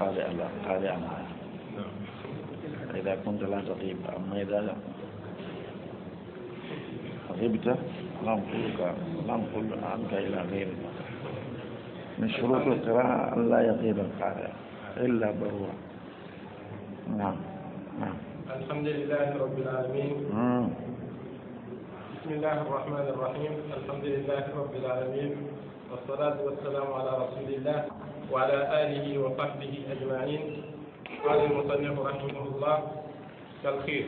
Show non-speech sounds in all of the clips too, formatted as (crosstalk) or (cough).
قارئا قارئا إذا كنت لا تغيب أما إذا غبت ننقلك ننقل عنك إلى غيرك من شروط القراءة أن لا يغيب القارئ إلا ضرورة نعم نعم الحمد لله رب العالمين نعم. بسم الله الرحمن الرحيم الحمد لله رب العالمين والصلاة والسلام على رسول الله وعلى آله وصحبه أجمعين قال المصنف رحمه الله تلخيص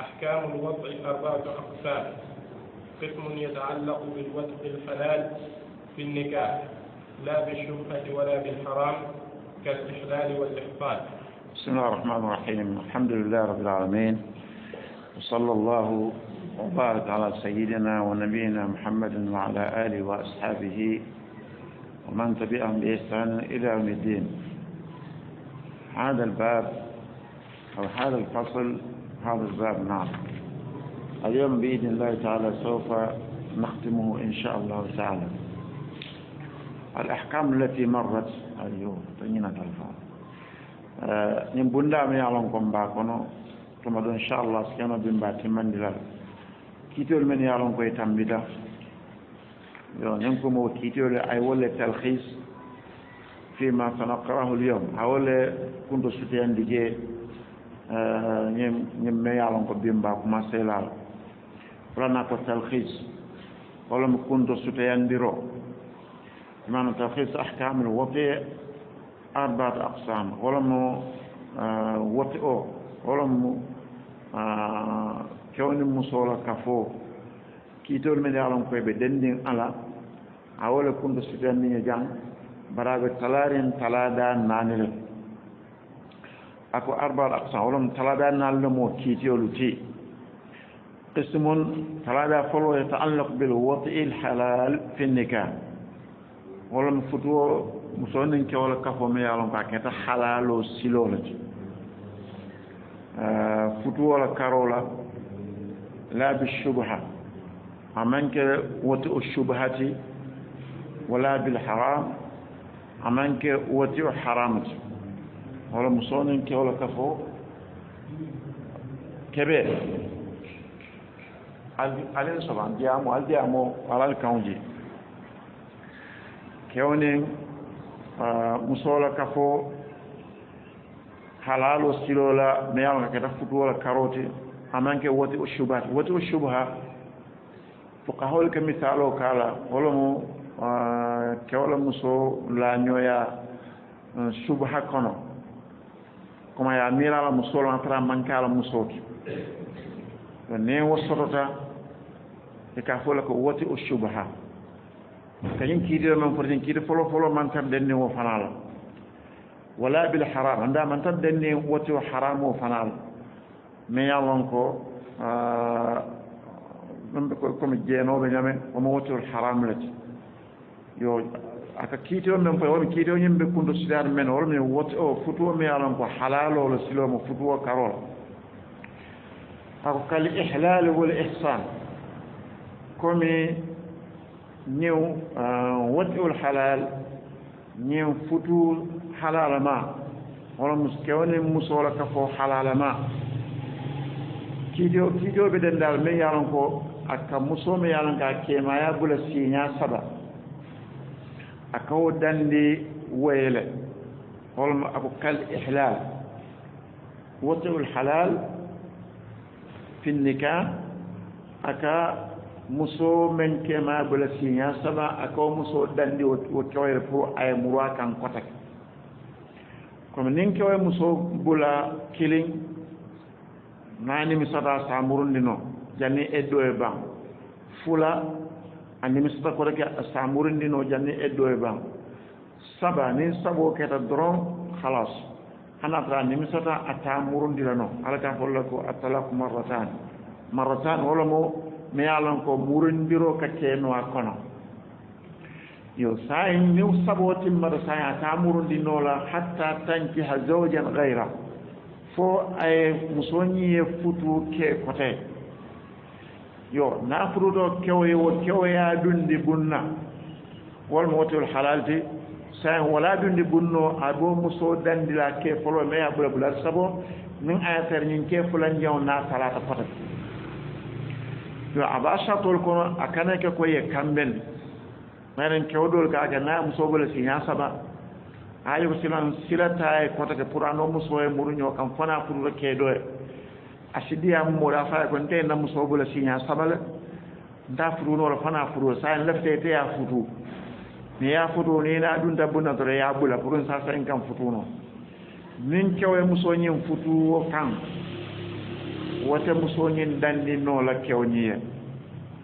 أحكام الوضع أربعة أقسام قسم يتعلق بالوضع الحلال في النكاح لا بالشبهة ولا بالحرام كالإحلال والإحصان بسم الله الرحمن الرحيم الحمد لله رب العالمين وصلى الله وبارك على سيدنا ونبينا محمد وعلى آله وأصحابه ومن تبعهم بإحسان إلى يوم الدين هذا الباب أو هذا الفصل هذا الباب نعم اليوم بإذن الله تعالى سوف نختمه إن شاء الله تعالى الأحكام التي مرت اليوم تنين تلفا ñin bunda يعلمكم باكنا ثم إن شاء الله don بمباتي من دلال timmandilal kiitol men yalon koye يونكم وكيتي ولا أي ولا تلخيص فيما سنقرأه اليوم أولا كنت ستيان جي آه، نيم نيم يعلم قبيم ما سيلال رانا تلخيص ولا كنت ستيان رو معنى تلخيص أحكام الوطئ أربعة أقسام ولا آه، وطئ ولا آه، كون مصورة كفو kiitol men yaalon koy be dendin ala a wole kumɗo ni jang mbaɗaaɓe talarin talada nanil ako arba arbal aqsan wolom talaada naallo mo kiitiyolu ti qismun talaada folo yataallaq bil wati l halal fi nikah wolom futuwo muso nin kewol kafo mi yaalon ko a keta halalo silole ti futuwola karola la bishubha aman kɛ wati o shubhati wala bil haram aman kɛ wati o haramati wala muso ni kɛ wala ka fɔ kɛbɛ ale ni sɔrɔ di amɔ ale di amɔ ala kanw je kɛw ni muso halalo silo la mɛ ka ta futu karoti aman wati shubhati wati o ko ka hol ka misalo kala holomo kewla muso lañoya subha kono koma ya mirala musol ma tara mankala musoki o ne wo sotota e ka fola ko woti o subha kañin kiitira noon foti en kiita folo folo mantan denne o fanala wala bil haram anda mantan denne woti o haram o fanala mais yalon ko ɗumɓe koye komi jeenooɓe ñame omo wottiwoto haram lete yo aka kiite o men koye omi kiite o yimɓe kundo sidaade men holmi wote o futu o mi yalon ko halaloola siloomo futu o karola hako kali ihlale wol ihsan komi ñiw wotiwol halal ñiw futu halala ma hono kewni musola kafo halala ma kiidio kiidioɓe denndal min yalon ko aka musoma yala nga keemaya gula siña saɗa akawo dandi woyele holmo abo kal ihlal wotiul halal finnika aka muso men keema gula siña saɗa akawo muso dandi wo kewere pour aye mura kan kotak comme nin kewe muso gula kiliŋ nanimi saɗa sa murundi noon janni eddoye ban fula a nimisata ko reke samurindino janni eddoye ban saba nin sabo keta doron halas hanata a nimisata a ta murundira no alakan folla ko atalaku marratane marratane wala mo mi yalon ko murindiro ka keno a kono yo saye niw sabo timmata saye a ta murundinola hatta tankiha zawjan gayra fo aye musoñiye futu ke kotee yo nafruto kewoyo kewoyaadunde bunna wolmo wotol halalde sain wala dunde bunno abo muso dandila ke folo maya ɓula bulat sabo min ayatare ñin ke fulandiyaw na salata fota yo aba sartol kono a kanake koye kamben maren kewɗol ka ka na muso bole si ña saba hayoko silan silata e kotake pour anoo musoye muruñoo kam fana furuto keedoye a sidiyama mooɗo afaya ko nte e namma soobola siña sabala nta futu noola fana futuo so en lefte te ya futu mi ya futu no yina ɗum dabbuna toto ya ɓula pour ɗum sasa en kam futu noon min kewe musoñin futuo kan wote musoñin danndi noola kewñiye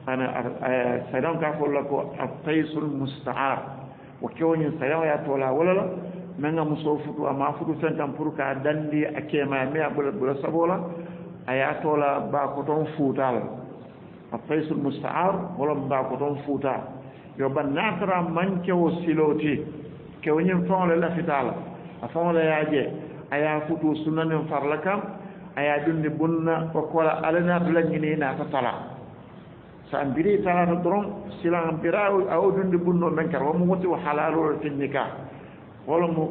ana saɗan ka folla ko a taysul mustaar o kewñin saɗan ya toola wolala manga muso futu ama futu fen kam pour ka danndi a keemaya mi ya ɓula ɓula sabola a yaatoola mbaako toon fuutaal a faysul mustahar wala mbaako toon fuutaa yo ba naatara mancewo silootii kewo ñiŋ faŋo le lafitaa la a faŋo le ye a je a ye a futu sunnaniŋ farla kaŋ a ye a dunndi bunna o kola ala naata la ñinii naata tala so an birii talaata doron silan bira a wo dunndi bunnoo meŋ kara wo mu wuti wo halaaloo le tiŋ ñikaa wala mu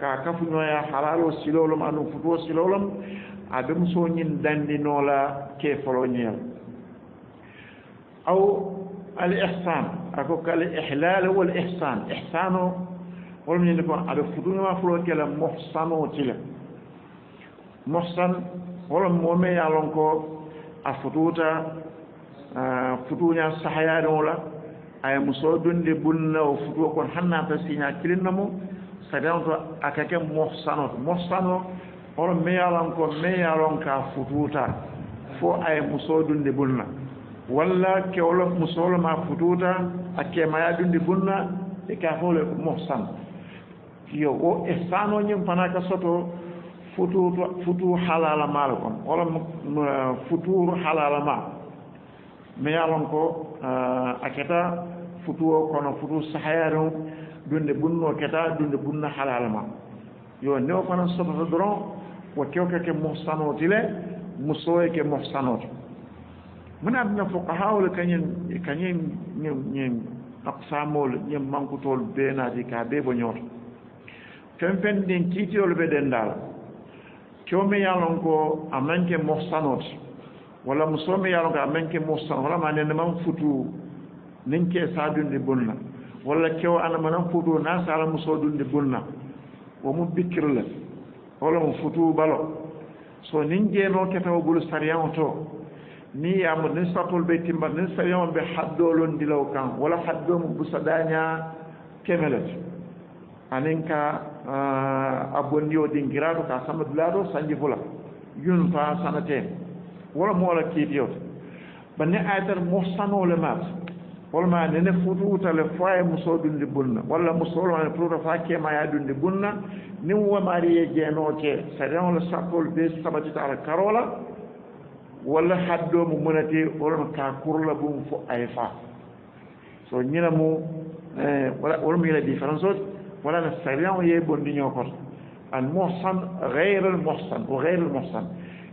ka kafuñooya halaaloo siloo lom anuŋ futuwo siloo lom aɓe mo soñin danndinoola keefoloñeel aw al ihsan ako kala ihlala wal ihsan ihsan o holminde ko aɓe futunema fulo kela mohsan o tila mohsan holon momi yalon ko a fututa futuña sahayanola aya mo so dunde bunna o futu kon hannata siña kilinna mum sadanto akake mohsanoto mohsan o hono meyalon ko meyalon ka futuuta fo aye musoodunde bunna walla kewlo musoolo ma futuuta a kemaya ɗunde bunna e ka fole mofsan yo o e sanoñin fana ka soto futuuto futuu halala maal kon hola futuuru halala ma meyalon ko eh, a keta futuo kono futuu sahayare ɗunde bunno keta ɗunde bunna halala ma yo newo fana sototo doron ko kewke ke mofsanooti le musoye ke mofsanooti min adna fokahaole kañen kañen ñen aqsamol ñen mankutol beenaati ka bee bo ñoota fenfen ndin kiitirol ɓe denndaal kewme yaalon ko a manke mofsanooti walla musoome yaalon ko a manke mofsano walla ma nene man futu nin ke saadunde bonna walla kew anamanan futu naa saala musoo dunde bonna womum bikkirle holon futuuɓalo so nin jeenoo ketawo gulu sariyan to ni yiyaama nin sartol ɓe timba nin sariyan ɓe haddoolon ndilow kan wala haddoomo busaɗaaña kemelet anin ka a bonndio ɗinngiraaɗo ko a samadulaaɗo sanji fula yun faa sanateen wala mo wala kiitiyoto ɓa ne aytan mo sanoole maata holma nene fotu utale fowa e musoo ɗunde bunna walla musoo holmane pouto faa keema yaa ɗunde bunna nin wamaari e jeenooke so rewle sappole be sabatitaala karoola walla haddoo mo monatee holma kaa kurla bum fo aye faa so ñina mu holmo eh, yila différence ooti walano so rew yee bonndiñoo koto an mohsan gayre l mohsan o gayre l mohsan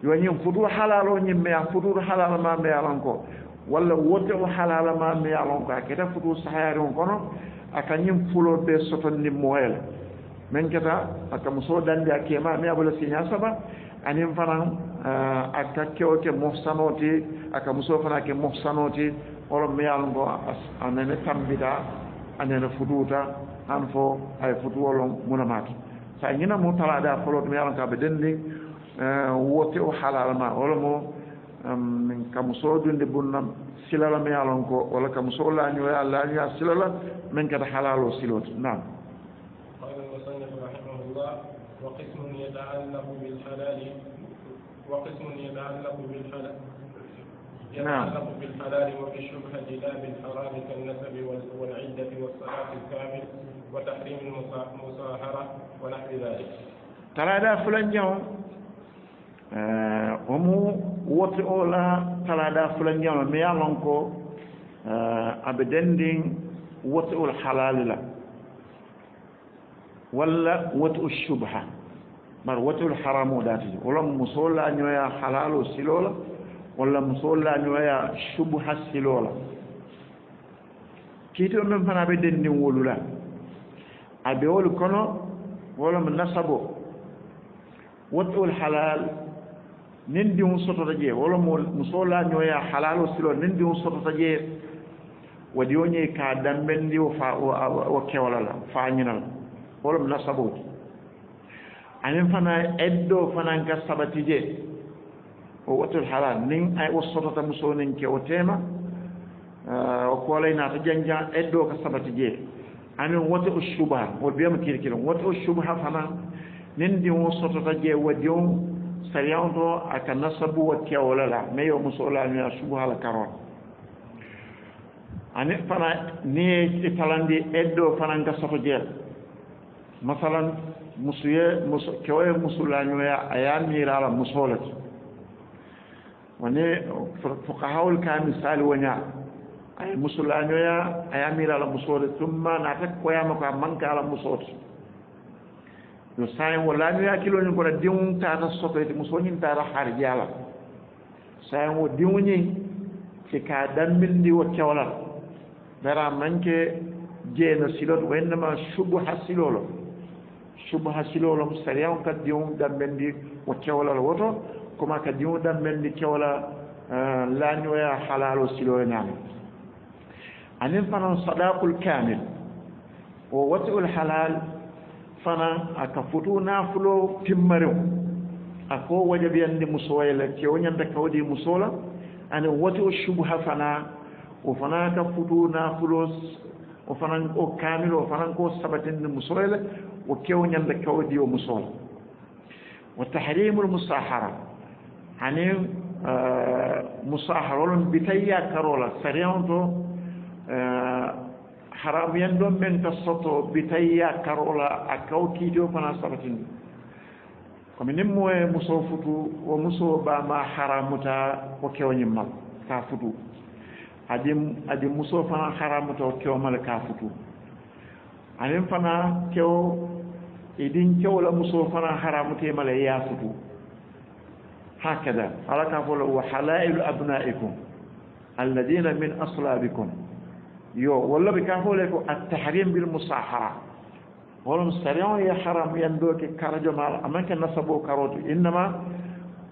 yo ñin futuu halaal o ñimmeya futuuɗo halaal ma mbeyalan ko walla wonde o halalama miyalon ko hakkete ko ɗum sahayari on kono a kañum fuloɓe sotonni moyla min keta akkamo so dandi a kema mi abola signa saba anin fanan uh, eh, akka kewke mofsanoti akkamo so fana ke mofsanoti oɗon miyalon ko anene tambita anene fuduta han fo hay futuwolon munamato sa ñinamo talaɗa folo to mi yalon ko aɓe dendi uh, eh, wotte o halalama holomo min ka musoo dundi bunna silala mi ye a lon ko walla ka musoo laañoya laañoya silala min kata halaloo silote naam قال المصنف رحمه يتعلق بالحلال وقسم يتعلق بالحلال نعم. يتعلق كالنسب والعدة والصلاة الكامل وتحريم المصاهرة ونحو ذلك. ترى هذا فلان يوم Eh, omo wotte o la talaɗa fulanñama mi ya lon ko eh, aɓe denndin wotte ol halali la walla wotte o subha mbaɗa wotte ol haramo daati walla musol lañoya halalo silola walla musol lañoya subha silola kiiti on men fana aɓe denndin wolula aɓe wol kono wolam nasabo wotte ol halal nen ndiŋo sotota jee wala mo musoo laañooya halaaloo siloo nen ndiŋo sotota jee wadi o ñee ka dambenndi o fa o kewola la faañina la wala mo nasaboo ti anin fana eddoo fanan ka sabati jee o watol halaal nin ay o sotota musoo nin ke o teema eh, o koolay naata janja eddoo ka sabati jee amin wota o subaha wo biyama kirkilo wota o subaha fana nin ndiŋo sotota jee wadi on sariyaoto a ka nasabu wa kewole la mais yo musoo la nuya subahala karoo ani fana ni ye i talandi eddoo fanan ka soto jeel masalan musu ye muso kewo ye musu laañoya a ye a miira a la musoo le ti wani fokahawol ka misali wo ñaa a ye musu laañoya a ye a miira a la musoo le tumma naata koyaama ko a manka a la musoo ti yo sãn wala mi hakilo ni gola dĩu taata sɔkre tɩ muso yĩn taata harja la sãn wo dĩu yẽ tɩ kaa dãmbindi wo kɛola la rãmban ke geeno silo tɩ wẽnnamaa subha silolo subha silolom saria n ka dĩu dãmbindi wo kɛola la woto kuma ka dĩu dãmbindi kɛola la noya halalo silolo naame anin fãna sadaqul kamil wo wati ul halal fana aka futu naafulo timmarew ako wajabi ande musoye ke kewo ñanta kawdi muso la ani wati o shubha fana o fana ka futu naafulo o fana o kamilo o fanan ko sabatinde musoye la o kewo ñanta kawdi o musola wa tahrimu lmusahara ani musaharolon bitayya karola sariyan haramu yan ɗon men ta soto bi tawiya karola a kawkiide o kona sabatin komi nimmo e musoo futu o musoo mbama haramuta o kewñi mal ka futu adi adi musoo fana haramuta o kewmal ka futu anin fana kewo idin kewla musoo fana haramute mala e ya futu hakada ala ka fola wa halailu abnaikum alladina min aslabikum yo walla ɓe kan hoole ko attahrim bil musahara holm sarion ye haram yanndooke karajo maala aman ke nasaboo karooto innama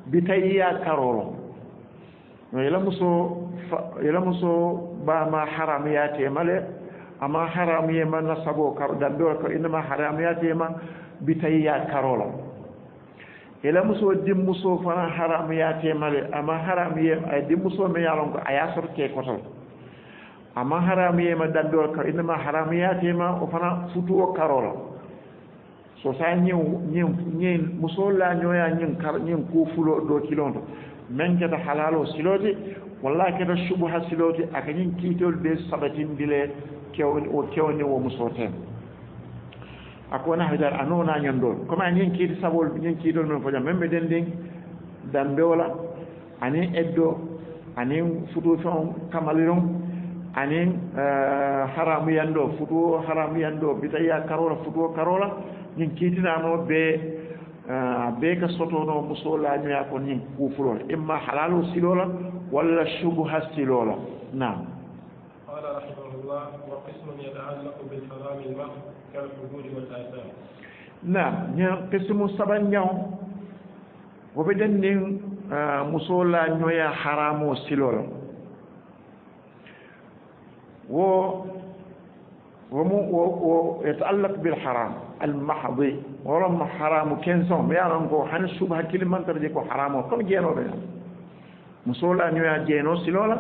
bi tayiya karoolo yo yelamuso yelamuso baama haram yaateema le ama haram yema nasaboo karo dambeol ka innama haram yaateema bi tayiya karoolo yelamuso dimmusoo fana haram yaateema le ama haram yema dimmusoo mi yaalon ko a yaa sorotee kotol amma haramuyeema dandiwol karol innama haramuyaateema o fana futu o karola so sa ñin ñin ñin musollañoya ñin ñin kuufulo dow kilonto min keta halalo silode walla keta subha silode aka ñin kiitol ɓe saɓatindile kewni o kewni o musoteen ako wona haydar a nownañan ɗoon comme anin kiiti sabol ñin kiitol men fo jam min ɓe denndin dambewola anin eddo anin futu fen kamaliron anin eh, haramu yanndo futuwo haramu yanndo bitayiya karola futuwo karola min kiitinano be eh, be ka sotono musoo laamiya ko nin kuufulol imma halalu silola walla subuha silola nam nam ñan qismu sabanñaw wobe den nin eh, musoo laañoya haramo silola wo womu wo wo yetaallaq bil haram almahdi wolom haramu kenson mbiya noon ko hani suba hakkille mantata je ko haram o kono jeenooɗo yaa musohla niwa jeenoo siloola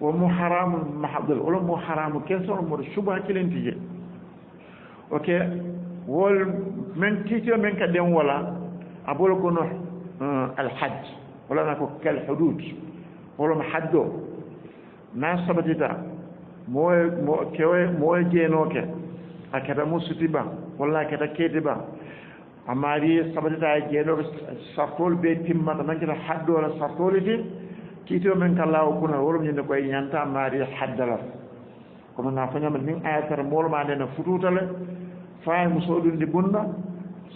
womu haramu mahdi olomo haramu kenson omoɗo suba hakkillenti je ok wol min titino min ka ɗen wola abolo kono eh, alhaj wolana ko kal hudud holom haddo na sabatita moye mo kewe moye jeenooke a keta musuti ba walla a keta keeti ba amma ari sabatita e jeenooke sartoolu bee timmata nan keta haddoola sartoolu ti kiitio men ka laawo kuna wolom ñinde koye ñanta amma ari haddalat kono naa foñama nin ayatata moolema nde no futuuta le faa e musoo ɗumndi bunna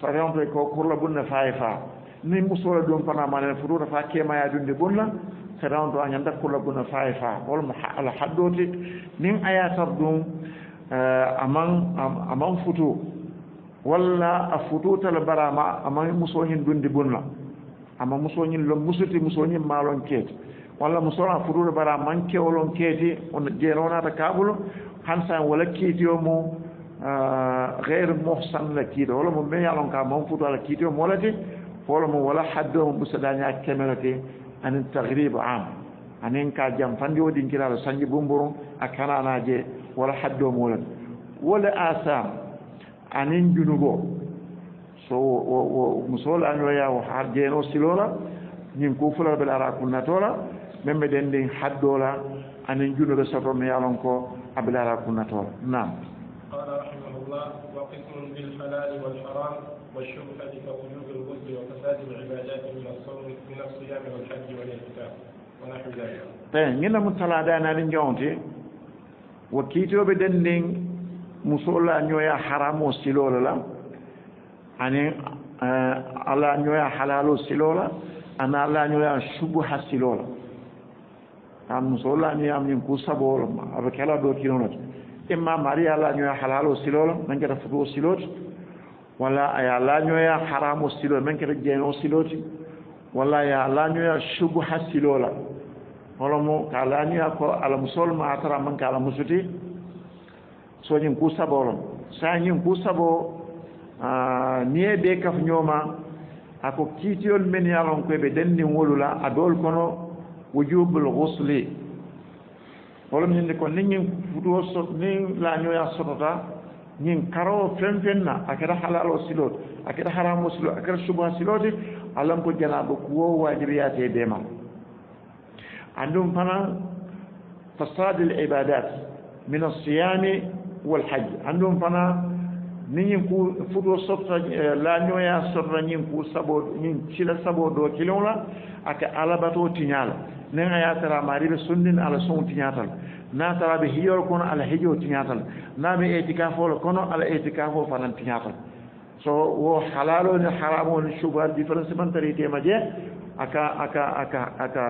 so rewnto ko kurla bunna faa e faa nin musoola ɗum fanaama nde no futuuta faa keemaya ɗumndi bunna ko rewndo añan dat kullabbu no faa e faa holmo ala haɗdoode min ayatar ɗum eh, aman aman futu walla a futu tala mbarama aman musoñin dunde bunla ama musoñin lo musuti musoñin maalon keeti walla musoro a futuɗo mbara man kewlon keeti ono jeere wonata kaɓulo han san wala kiitio mo heyre eh, mohsan la kiito holo mo meñalon ka man futu ala kiitio mo wolate holo mo wala haddo mo mbusaɗañaa kemerete anin tagrib am anin ka jamfandi wodin kiraaɗo sañde bumburum a kananaje wala haddo muɗon wala asam anin junugo so musowol anoya har jeeno silola ñin ko fulal beɗa ara kunnatola men mbiɗen ndin haddola anin junuɗo soto mi yalon ko abeɗa ara kunnatola nam قال رحمه الله وقسم بالحلال والحرام والشبهة كوجوب الغزل وفساد العبادات من الصوم ɓen ngilla mum tala daana aɗen jawnte wakkiitooɓe den ndin musolla ñoya haram o silola la anen eh, alla ñoya halal o silola ana alla ñoya subha silola an musolla ñoyama ñin ku sabolo aɓa kala ɗo kinonote imma maria alla ñoya halal o silola men keta foto o siloti walla aya alla ñoya haram o silola men keta jeeno o siloti wallay a lañoya sugu hasiloola hono mo ko a lañoya ko alamusol ma atara man ko alamusuti soñin ku saboolon sañin ku sabo niye ɓe kafñooma ako kiitiyol men yalon koy ɓe denndin wolula a dool kono wujubul gusli holom ñinde ko ni ñin futuo so nin lañoya sotota ñin karoo fen fen na a keɗa halal o silooti a keɗa haramo silooti a keɗa subaha silooti alan ko janaɗo kuwo wajiri yaate e deema andum fana fasade l ibadat min asiyami wal hajj andum fana niñin ku futo sotta laañoya sotta ñin ku sabo ñin cila sabo do kilola aka alabato tiñala nen a yatara maariɓe sondin ala son tiñatal nataraɓe hiyor kono ala hejo tiñatal naɓe éticafolo kono ala éticafo fanan tiñatal so wo halalo ni haram oni subar différence mantariti ma je aka aka aka aka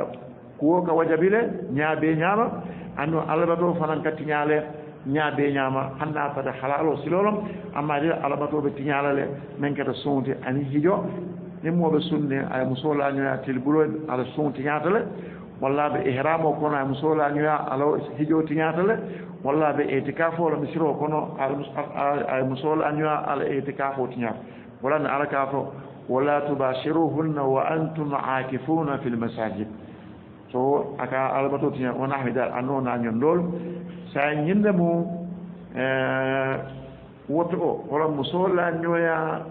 kuwo ka wajabile ñaabe ñaama anno alabato fanan ka tiñaale ñaabe ñaama hanna fada halalo silolom amma de alabatoɓe tiñaalale min kata sonti ani hijo nimmoɓe sunne aya musolañoya tel bulo ala son tiñaatale walla ɓe ihram o kono ami sohlaniya alaw ñatale walla ɓe étikaf ola mi siro kono ami sohlaniya ala étikaf o tiñata wala ne ala ka fo wala tubashiruhunna wa antum akifuna fi lmasajid so aka alabato tiña wona hamidal anno ñon ɗol sa ñinde mo e, woto o hola mo sohlaniyoya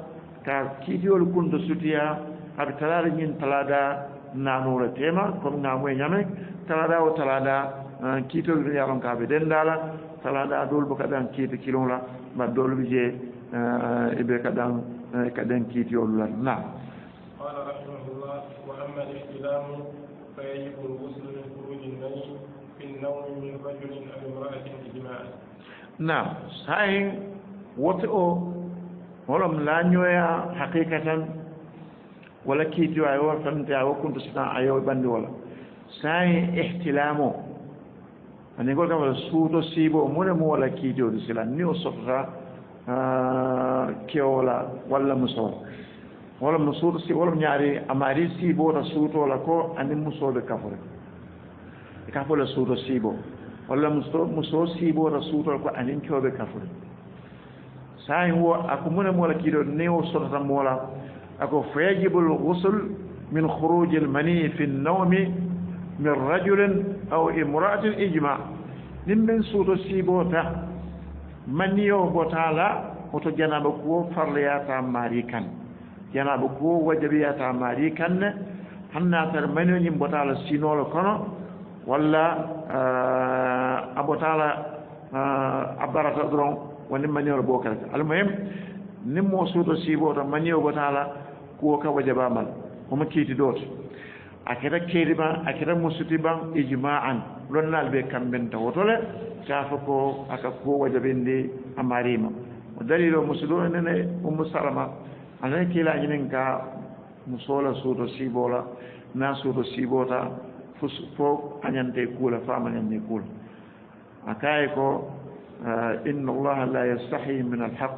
ka kiidiol kunto sutiya haɓe talaɗa ñin talaɗa naanuure teema comme ngaamu e ñame talaaɗa o talaaɗa euh, kiitolɓe yaron kaaɓe denndaala talaaɗa dolbo kaɗan kiite kilola mba dolɓe je eɓe euh, kaɗan euh, kaɗen kiitiyolular naam qala rahimahullah waamma lihtilamu fayajibu lgusle min furuji nayi fi naumi min rajulin aw imra'atin ijma'an naam hayen woto o holom laanñoya haqiqa tan walla keydi o a yowa fannde a wakkunto sinan a yowa ɓannde wola sani ihtilam o ani ngol kam suuto siibo o mone mo wala kiidi o sila ni o sotata kewola walla musowo walla mo suuto si walla mo ñaari amaari siibo ta suutoola ko ani musooɓe kafore e ka fola suuto siibo walla musoo siibo ta suutoola ko anin kewɓe kafore sani wo ako mone mo wala kiidi o ni o sotata mo wola أكو فيجب الغسل من خروج المني في النوم من رجل أو امرأة إجماع نمن سوتو من منيو لا وتو جنابكو فرلياتا ماريكا جنابكو وجبياتا ماريكا حنا تر منيو نيم بوتالا سينول كونو ولا آه أبو تالا آه عبارة درون ونمنيو بوكالك المهم نمو سوتو سيبوتا منيو بوتالا kuwo ka wajaba man homa keeti dooto a keta keeri ban a keta musuti ban ijma'an lonnal be kambenta wotole kafa aka kuwo wajabinde a marima o dalilo nene ummu salama anane kiilañinen ka musola suuto sibola na suuto siibota fo añante kuula faama añante kuula a kaye ko inna allaha la yastahi min alhaq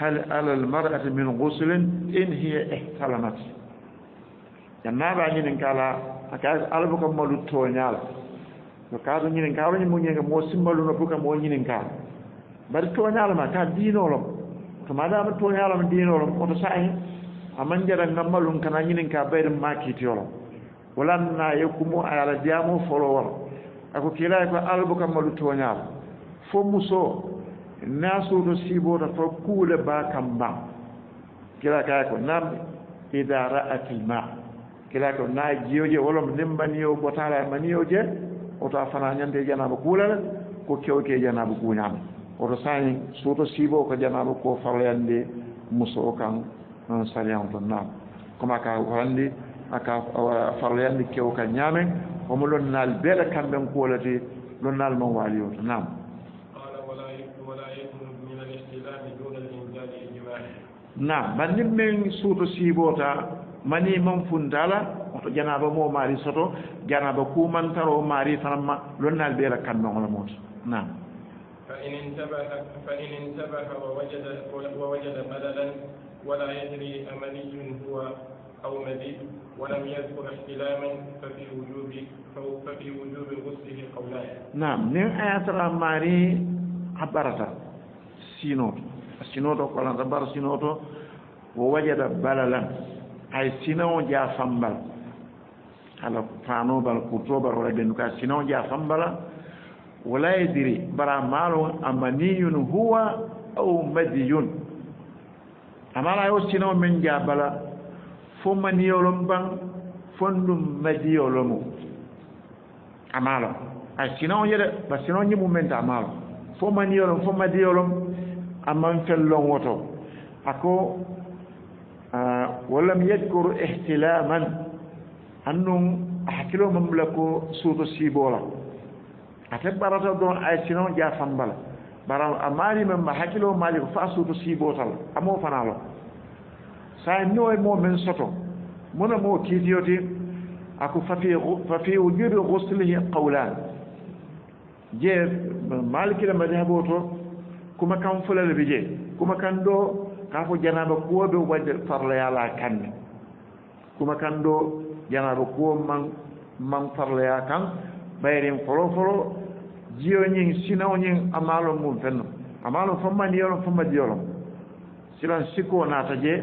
hal ala almar'ati min in hiya ihtalamat jannaaɓa ñinen kala a kaake alba ko malu tooñaal yo kaato ñinen kaa oñi muñen ka mo simmalu no bukam o ñinen kaa mbaɗi tooñaalama ka diinoolom to madama tooñaalama diinoolom oto saa hen aman jaɗa ngammalum kana ñinen kaa ɓayde makiitiyolom walanna yokkumo a ala jaamo folowol ako kiilaye ko alba kam malu tooñaal fo musoo naasuuto siiboota fof kuule baa kam mbaŋ kila kaa ko nam ida ra'atil ma kila ko na jiyoje wolom nimmbaniyo botala e maniyoje oto a fana ñande janaaba kuulala ko kewke janaaba kuñaama oto sani suuto siibo ko janaaba ko farloyande muso o kan non sariyan to naam comme aka horandi aka farloyande kew kan ñaamen homo lonnaal beele kamɓen kuolati lonnaal man waaliyo to naam naam mannin min suuto siiboota manii manfuntaala oto janaaba mo maari soto janaaba kuumantaroo maari fanama lonnaal ɓeera kammeola mooto naam fa in intabaha fa in intabaha wa wajada wa wajada malalan wala yadri amaliyun huwa aw madi wa lam yadkur ihtilaman fa fi wujubi fa fi wujubi gussihi qawlan naam nin ayatara maari a ɓarata siinooto sinoto kolanta bara sinoto wo wajada balalan hay sinao jaa fambal ala fanobal kurtobal wala ɓenndu ka sinao jaa fambala walayidiri bara maalo amaniyun huwa au madiyun amala yo sinao men jaa bala fo maniyolom ban fon ɗum madiyolomo amaalo ay sinao je de ba sinao ñimum men ta maalo fo maniyolom fo madiyolom aman fellonwoto ako walam yadkur ihtilaman hannun a hakkilo mamula ko suuto siibola ate barata don ay sinon jafambala bara a maali mam a hakkilo maali ko faa suuto siibotal amo fanalo sa no e moo min soto mona moo kiitiyoti ako fa fi wujudi guslihi qawlan je maalikila madihabo to kuma kan fulale bi je kuma kan ɗo kaa fo janaba kuwo ɓe wadde farloyala kanɓe kuma kan ɗo janaba kuwo man man farloya kan ɓayrin folo folo jiyoñin sinawñin a maalon mum fenno a maalon fomma ndiyolon fomma diyolon silan sikko naata je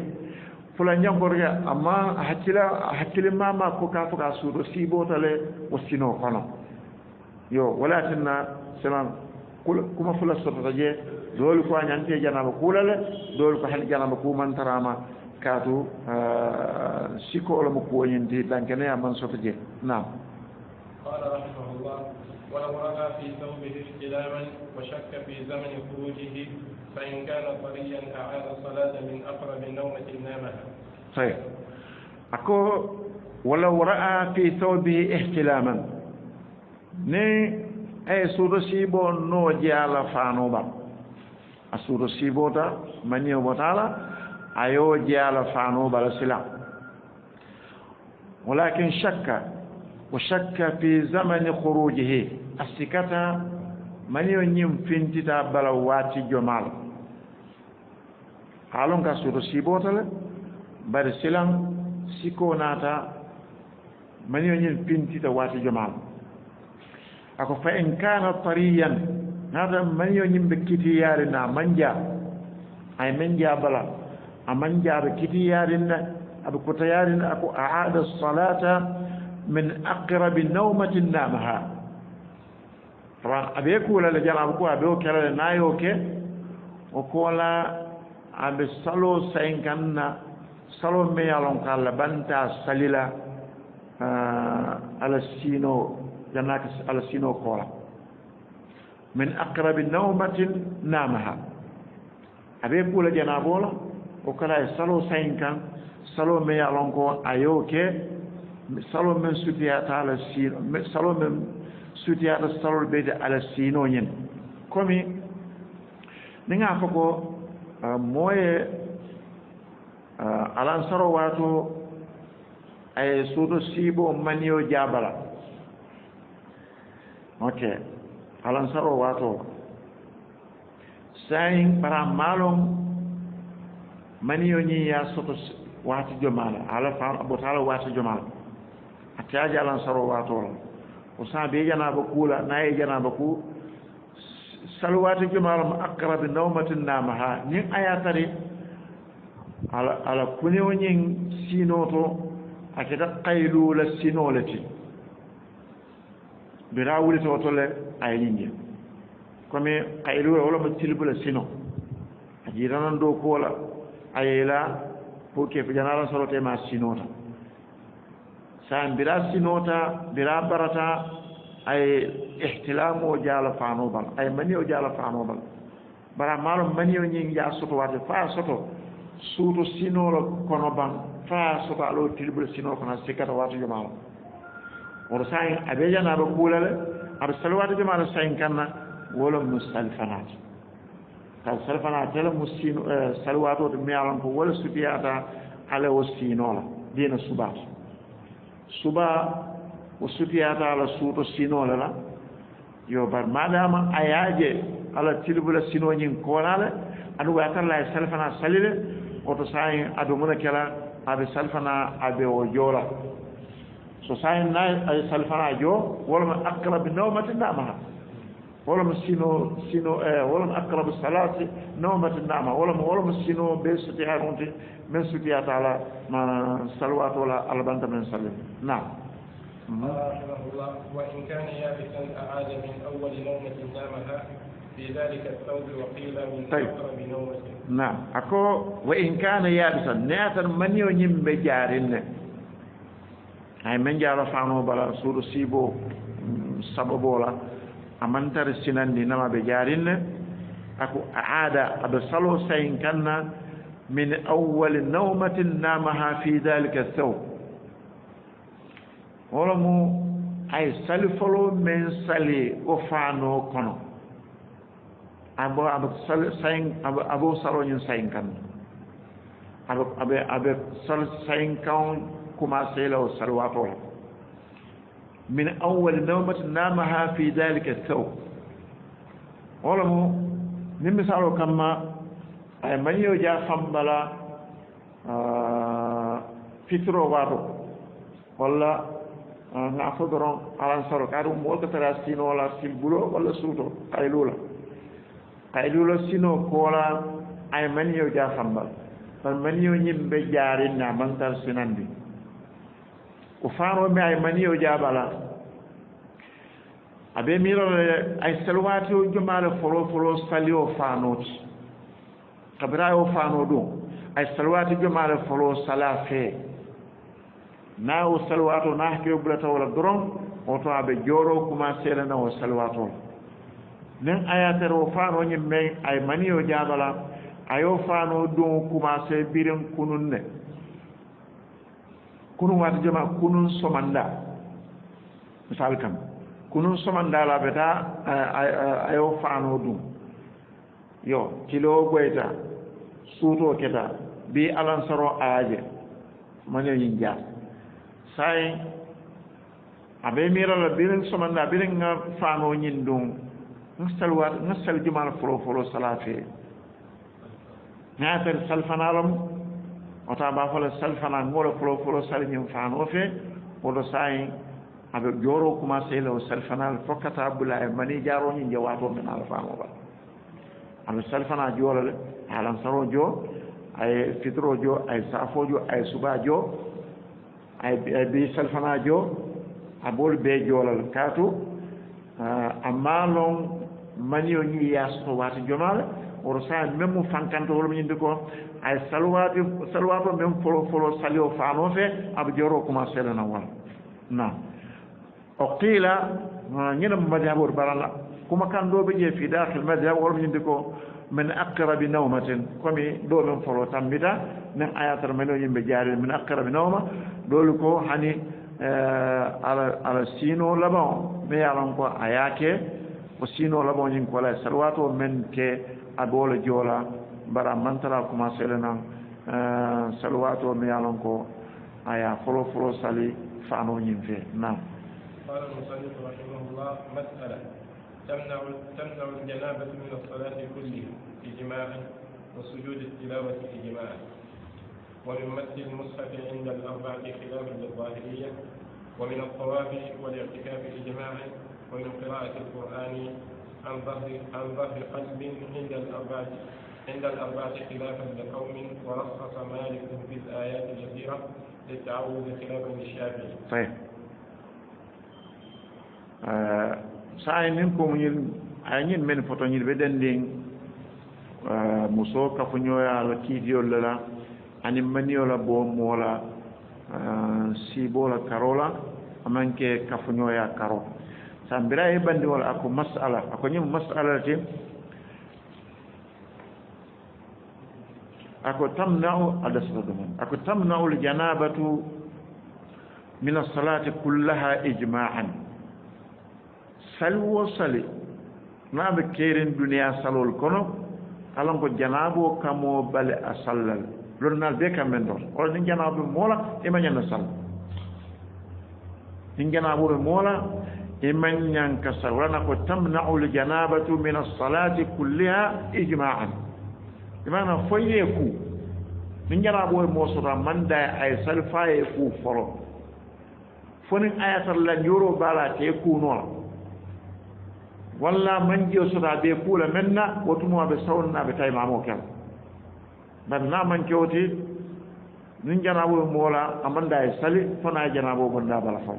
fula jangorga amma hakkila hakkille mama ko kaa fo kaa suuɗo siibotale o sino kono yo walatinna silan kuma fula sotata je dol ko ينتهي janaba كولا dol ko hel janaba ku تراما كاتو siko ola mo ينتهي lankene يا من soto je نعم. قال رحمه الله ولو رأى في ثوبه احتلاما وشك في زمن خروجه فإن كان طريا أعاد الصلاة من أقرب نومة نامها طيب أكو ولو رأى في ثوبه احتلاما ني أي سورسيبو نو جالا فانوبا a suuto siibota manio mo taala a yo jeyala faano bala silam walakin chakka o chakka fi zamani khuruji he a sikata manio ñin fintita bala waati jomaala haalon ka suuto siibota le bari silam sikko naata manio ñin fintita waati jomaala ako fa in kana tariyan naata man yo ñimɓe kitiyaari na man jaa hay man jaa bala a man jaaɓe kitiyaarinna aɓe kotayaarinna ako a aada salata min aqrabi nawmatin naamaha ta aɓe kuulale jaraaɓe ko aɓe o kerale naayo ke o koola aɓe saloo saynkanna salo meyalon ko allah banta salila alasinoo jannaka alasinoo koola min aqrabi nawmatin naamaha aɓee ɓuula ƴanaaɓoola o kala e saloo sayin kan saloo min yalon ko a yowke saloo min sutiyata ala siino saloo min sutiyata salol ɓeyde ala siinoo ñin komi ndegaa fo ko mooye alansaro waato aye suuto siiboo maniyo jaabala ok alansaroo waatoo sayin ɓara maalon maniyo ñin ya soto waati jomaala ala fa botaala waati jomaala a taaji alansaroo waatoo la o san bee janaaba kuula naa ye janaaba ku sal waati jomaala mo akrabe nawmatin naama haa niŋ a ye tari ala ala kunewo ñiŋ siinoo to a keta kayluu la sinoo le ti mbira wulitoo to le a yeñinge comme a ilwola wolama tilbula sino a jiranan dow kuwo la a yeyla pour que janaran sorote ma sinota so mbira sinota mbira barata ay ihtilamu o jaala fanobal ay mani o jaala fanobal bara maaro maniyo ñing ja soto warde faa soto suuto sinolo kono ban faa soto alo tilbula sino kono sikkata warta jomaalo oto sahin a beejanaaɓe kuulale aɗo salwaade de maaɗo sahin kanna wolo musalfanaate taw salfanaa tele musino eh, salwaatoo to mialan ko wala sutiyaata ala o siinoola diina subaato suba o sutiyaata ala suuto siinoole la yo bar maadama ayaaje ala tilbula sinooñin koolaale aɗa waa tan laye salfanaa salile oto sahin adumuna kela aɓe salfanaa aɓe o joola so sahen nayi salfana jo wolmo acrabe nawmate namaha wolmo sino sino e wolmo acrabe salate nawmate nama wolmo wolmo sino ɓe sutiha wonti min sutiya taala ma salwatola albanta men sallim nam رحمه الله وإن كان يابسا أعاد من أول نومة نامها في ذلك الثوب وقيل من طيب. أقرب نومة نعم أكو وإن كان يابسا ناتا من ينبجارن hay min jaarataano bala suudo siiboo mm, saɓaboola amantare sinanndi nama ɓe jaarinne ako aada aɓe saloo sayin kanna min awwali nawmatin naamaha fi dalika sew wolo mu hay sali foloo min sali o faanoo kono abo aɓe sali sayin aɓe aɓeo saloñin sayin kanna aɓe aɓe aɓe sali sayin kan commencé law salwato la min awwal nawmata namaha fi dalika taw wolamo ni misalo kamma aya mayo ja fambala fitro wato walla nafo doron alan saro ka ɗum wolka tara sinola sil bulo walla suuto kaylula kaylula sino koola aya maniyo ja fambal par maniyo ñimɓe jaarinna mantar sinandi ko faaroomi ay mani o jaaɓalaa abe miirono ay salwaati o jomaale folo folo sali o faanooti kabiraa o faanoo ɗum ay salwaati jomaale folo salaa fee naa o salwaato naa hakkio bulata wala doron oto aɓe jooɗo kuma seelana o salwaato nen ayatere o faanoo ñimmen ay mani o jaaɓalaa ayo faanoo ɗum kumase birin kunun ne kunum waata jama kunun somanda misal kam kunun somanda laɓeta ayo faano ɗum yo kilo goyta suuto keta bi alansaro aaje mano yin jaa say aɓe miralla birin somanda birin nga faano ñin ɗum ngasal wat ngasal jumal folo folo salafe ngaatar salfanalam wataa mbaa fole salfanaa ngoole fulo fulo salñin faanoo fee woto saahin haɓe jooroo commencé le o salfanaa le fokkataa bula e manii jaaroñin jewaa toon mbinaa le faanoo ɓal haɓe salfanaa joolo le a lansaroo joo aye fitroo joo aye saafoo joo aye subaa joo aye bii salfanaa joo a boolu bee joolo le kaatu amma noon manii o ñiiyaa soto waati jonaa le oto saha même mo fankante holmo ñinndi ko hay salwaadi salwaato même folo folo sali o faanoo fe aɓa jeero o commence feele nan wala non o qiila ñine madiaɓe oto baralla kuma kan ɗo ɓe ƴee fidakil madiaɓe holmo ñinndi ko min aqrabi nawmatin komi ɗo min folo tammita min ayatara mani o yimɓe jaari min aqrabi nawma ɗoli ko hani eh, ala ala siino labao mi yalon ko a yaake ko siino labao ñin ko alaa salwaato men kee abolo jola bara mantara kuma selena eh, salawatu mi yalon ko aya folo folo sali fano nyimfe nam قال المصنف رحمه الله مسألة تمنع تمنع الجنابة من الصلاة كلها إجماعا وسجود التلاوة إجماعا ومن مس المصحف عند الأربعة خلافا للظاهرية ومن الطواف والاعتكاف إجماعا ومن قراءة القرآن عن ظهر عن ظهر قلب عند الأربعة عند الأربعة خلافا لقوم ورخص مالك في الآيات الكثيرة للتعوذ خلافا للشافعي. طيب. saay nin ko muñil ay ñin men foto ñil be den ndin muso kafu ñoyaala kiitiyol le la ani maniyola bo moola siibola karola aman ke kafu ñoya karo sambira bandi wala aku masalah aku nyim masalah ti aku tamna'u ada adasradum aku tamna'u aljanabatu min as-salati kullaha ijma'an salwo sali naɓe keren duniya salol kono alan ko janabo kamo bale a sallal lonnal be kamɓe ndon ola nin janabo moola ima ñanna sall nin janabo ɓe himanñan ka sawrana ko tamnaul janabatu min alsalati kulliha ijma'an imana foyye ku ni jaraɓoye mosota manda ay salfaye ku foro fonin ayatallan yoro bala te kunoa walla manjio sota ɓe kuula menna wotumoɓe sawrinaɓe tawi mamo kel bat na man kewti nin janaɓo ɓe moola amanda e sali fona janaɓo gonda bala fawa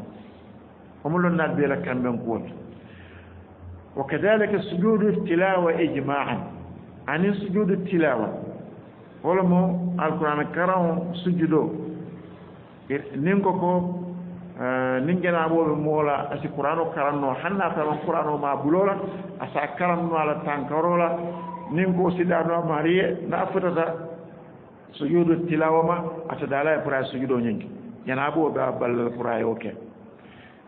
homo lonnaade mbiyata kamɓe en gooto wa kadalika sujudu tilawa ijmaan anin sujudu tilawa holmo alqurana kara o sujudo e, nin ko ko e, nin genaaɓooɓe moola asi qouran o karanno hannaa tawan qouran o ma bulola asa karanno ala tankarola nin ko siɗaano amariye naa fotata sujudu tilawa ma atadaala e pora sujudo ñingi janaaɓooɓe a ballal pora e o ken okay.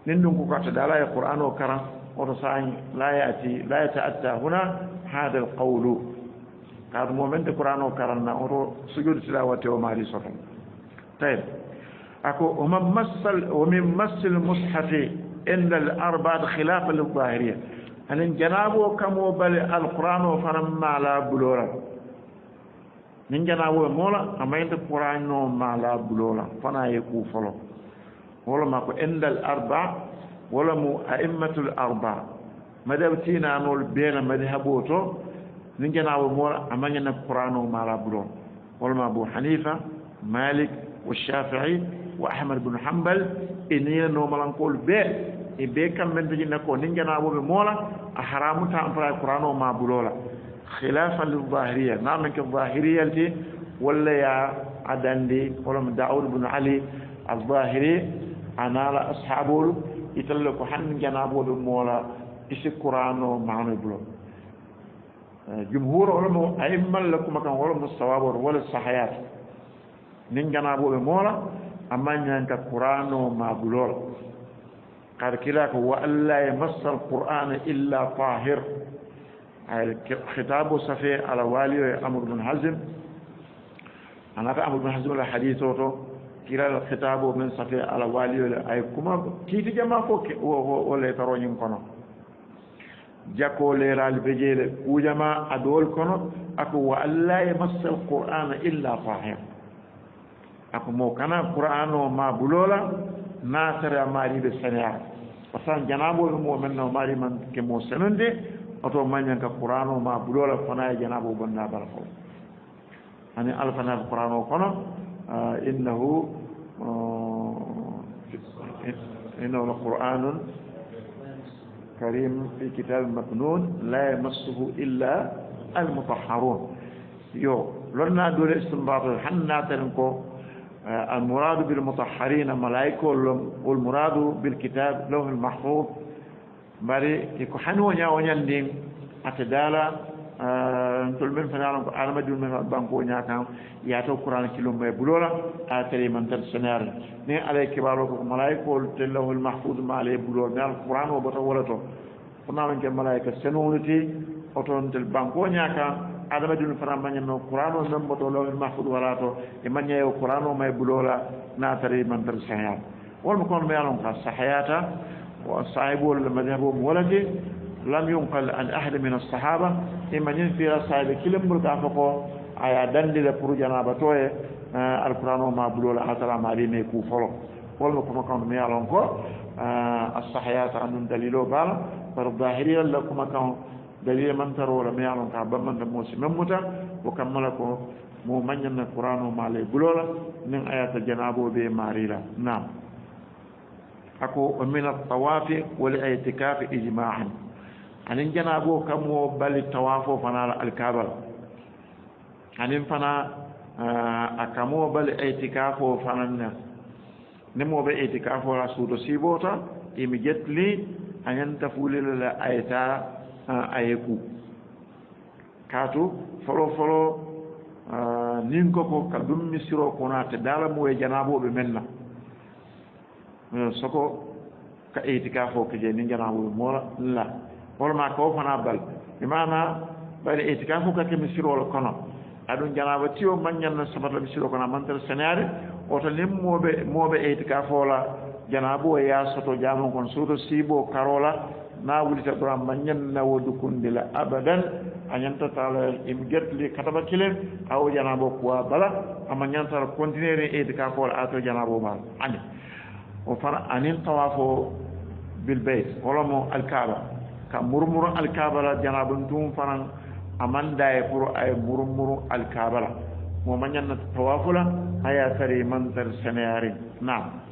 لندن كعتد على القرآن وكرم ورسعين لا يأتي لا يتأتى هنا هذا القول هذا مومنت القرآن وكرم ورو سجود تلاوة ومالي صفن طيب أكو ومن مس ومن مس المصحف إلا الأربعة خلاف للظاهرية أن جنابه كم بل القرآن وفرم على بلورا من جنابه مولا أما ينت القرآن وما على بلورا فنا يكو فلو holoma ko endal arba wala mo a immatul arba madaw tinanol beena mbaɗi haɓo to ni janawo moora a mañana qouran o malaburon holoma abou hanifa malik wa shafii wa ahmad bnu hambal e ninanomalankol bee e ɓe kamɓe ndeñinna ko ni janaɓoɓe moola a haramuta emprai qouran o maburola hilafa li zahiriya namenke zahiriyalte walla ya adandi holoma daoud bnu ali azahiri anala ashabolu italla ko hanni janabolu moola isi qur'ano maano bulo jumhur olmo ayimmal lakuma kan wolmo sawabor wala sahayat nin janaboɓe moola amma ñanka qur'ano ma bulola kar kila ko wa alla yamassa alqur'ana illa tahir ay khitabu safi ala wali amr bin hazm anata amr bin hazm la hadith oto kirala hitabo men safe ala waaliyole ay kuma kiitijama fo o leytaroñin kono jakko leeraali bejeele kuujama adool kono ako wa alla e massal qur'ana illa fahim ako mo kana qur'an o ma buloola naasere a maariiɓe seneyaa par san janaaboɓe mo menno maari man ke mo senande oto mañan ka qur'an o ma buloola fana e janaabo bonnaa bara ko hani alfanaaɓe qur'an o kono آه، إنه آه، إنه قرآن كريم في كتاب مكنون لا يمسه إلا المطهرون يو لنا دول استنباط حنا تنكو آه، المراد بالمطهرين ملائكة والمراد بالكتاب لوح المحفوظ bari يكو حنو nya wonya ning tol men fana alam ko alama dun men al banko nya kam ya to qur'an ci lum may bulola a tare man tan senar ne alay kibaro ko malaiko tellahu al mahfuz ma alay bulol ne al qur'an o boto wala to fana man ke malaika senolati oton tel banko nya kam adama dun fana man no qur'an o men boto lawl mahfuz wala to e man nyayo qur'an o may bulola na tare man tan senar wal mo kon me alon ka sahayata wa sahibul madhhabum walati لم ينقل عن أحد من الصحابة إما ينفي رسائل كل مرد أفقه أي أدن لبرو جنابته آه، القرآن وما بلو لحسر مالين فلو ولم يكن كان ميالونكو آه، الصحيات عن دليل بال فالظاهرية لكم كان دليل من ترو لم يعلم كعب من موسى من متى وكملكم مو من القرآن وما لي بلولا من آيات جنابه ماريلا نعم أكو من الطواف والاعتكاف إجماعا anin jana bo kamo bali tawafo fana la alkaaba la anin fana uh, a kamo bali itikafo fana na ni mo be itikafo la suuto siibota imi jetli anyanta fulila la ayta uh, eh, ayeku kaatu folo folo uh, eh, nin koko ka dummi siro konate daala mo e janabo be menna uh, soko ka itikafo ke je nin janabo be mola la holma ko fana bal mi mana bale itika fokkake mi sirowolo kono aɗum janaba tio mañanno sabatla mi siro kono amantere seneare oto limmoɓe moɓe itika foola janabu o e yasoto jamon kon soto siibo karola na wulita ɗora mañan nawodu kundila abadan a ñantatala im gertli kataba kilen awo janabo kuwa bala ama ñantata continuere itika foola ato janabo ma aña o fana anin tawa fo bilbeyt holomo alkaaba ka murmuru alkabala janabun tun fanan aman da ya furo ay murmuru alkabala mo manyan na tawafula haya sare manzar sanayari na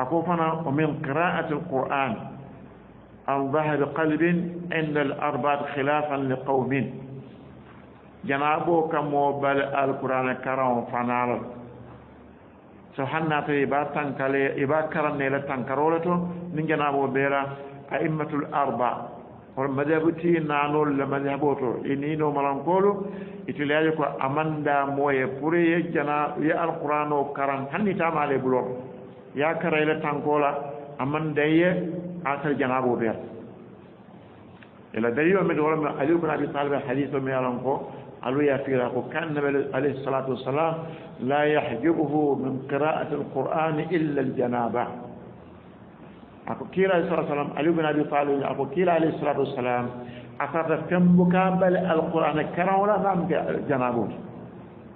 ako fana o min qira'ati alquran an dhahab qalbin inda al-arba'at khilafan liqaumin janabo kamo bal alquran karam fanal so hannata iba tankale iba karanne la tankarole to min janabo bera a'immatul arba hono madhabu ti naanol le madhabu o to inino e malankolo itilaji ko amanda moye pour yejjana ye alquran o karan hannitamaale bulor ya karayle tankola amandaye atal janabo ber ela dalil o mede holomi ali bne abi talibe hadis o mi alan ko aloya fiira ko kan nabe alayhi salatu wassalam la yahjubuhu min qiraati alqur'ani illa aljanaba al ako kiira alayhi salatu salam aliu bin abi faluñu ako kiira alayhi salatu wasalam asata fembo ka mbale alqurane karawla namke janaboto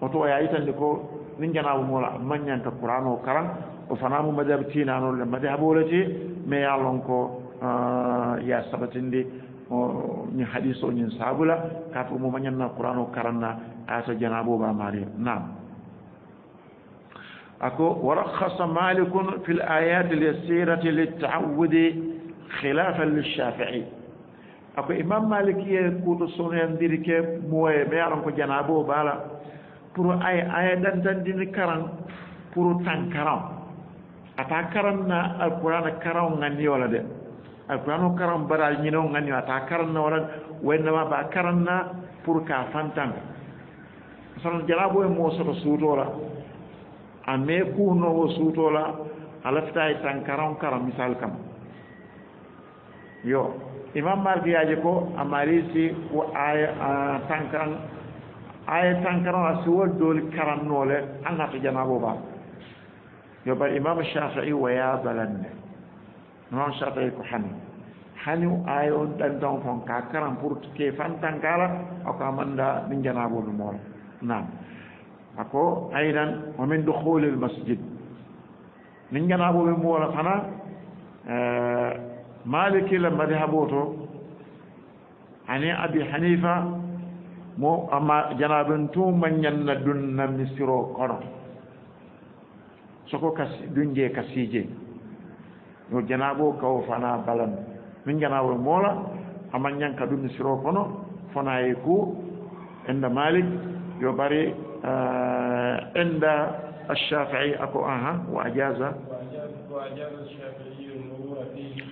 oto o yayitandi ko min janabo moola maññanta qurane o karan o fanamu madihab tinano le madihaboleti mais ya lon ko ya sabatindi ñi hadise o ñin sabula kaato mo mañanna qurane o karanna ayata janabo ba maria nam ako wa rakhasa malikun fil ayati lyassirati litaawudi khilafan lilchafii ako imam malikiye kuuto sonoyandiri ke moye mi aran ko janaboo baala pour ay aya dantandini karan pour tan karan ata karan na alqurana karan nganni wala de alqurano karan baral ñino nganni ata karan na wala waynama ba karan na pour ka fantanga sono janaboo e moo soto suutoola ame ku no wo suto la ala fita ay tankaram karam misal kam yo imam malik ya ko amari si ko ay tankaram ay tankaram aswo dol karam no le anna fi janabo ba yo ba imam shafi'i wa ya balan non shafi'i ko hanu hanu ay on tan don fon ka karam pour ke fan tankala o ka manda min janabo mo na hako aydan omin duhuli l masjid min ganaɓo ɓe mbuwola fana eh, maliki lamba de haɓo to ani abi hanifa mo ama janaɓen tumbañanna dunna misiro koro soko kas dunje kasije yo janaɓo kawo fana balan min ganaɓo ɓe mbuwola ama ñanka ɗum misiro kono fonayi ku enda malik yo bare آه، عند الشافعي أكو أها آه، وأجاز وأجاز الشافعي المرور فيه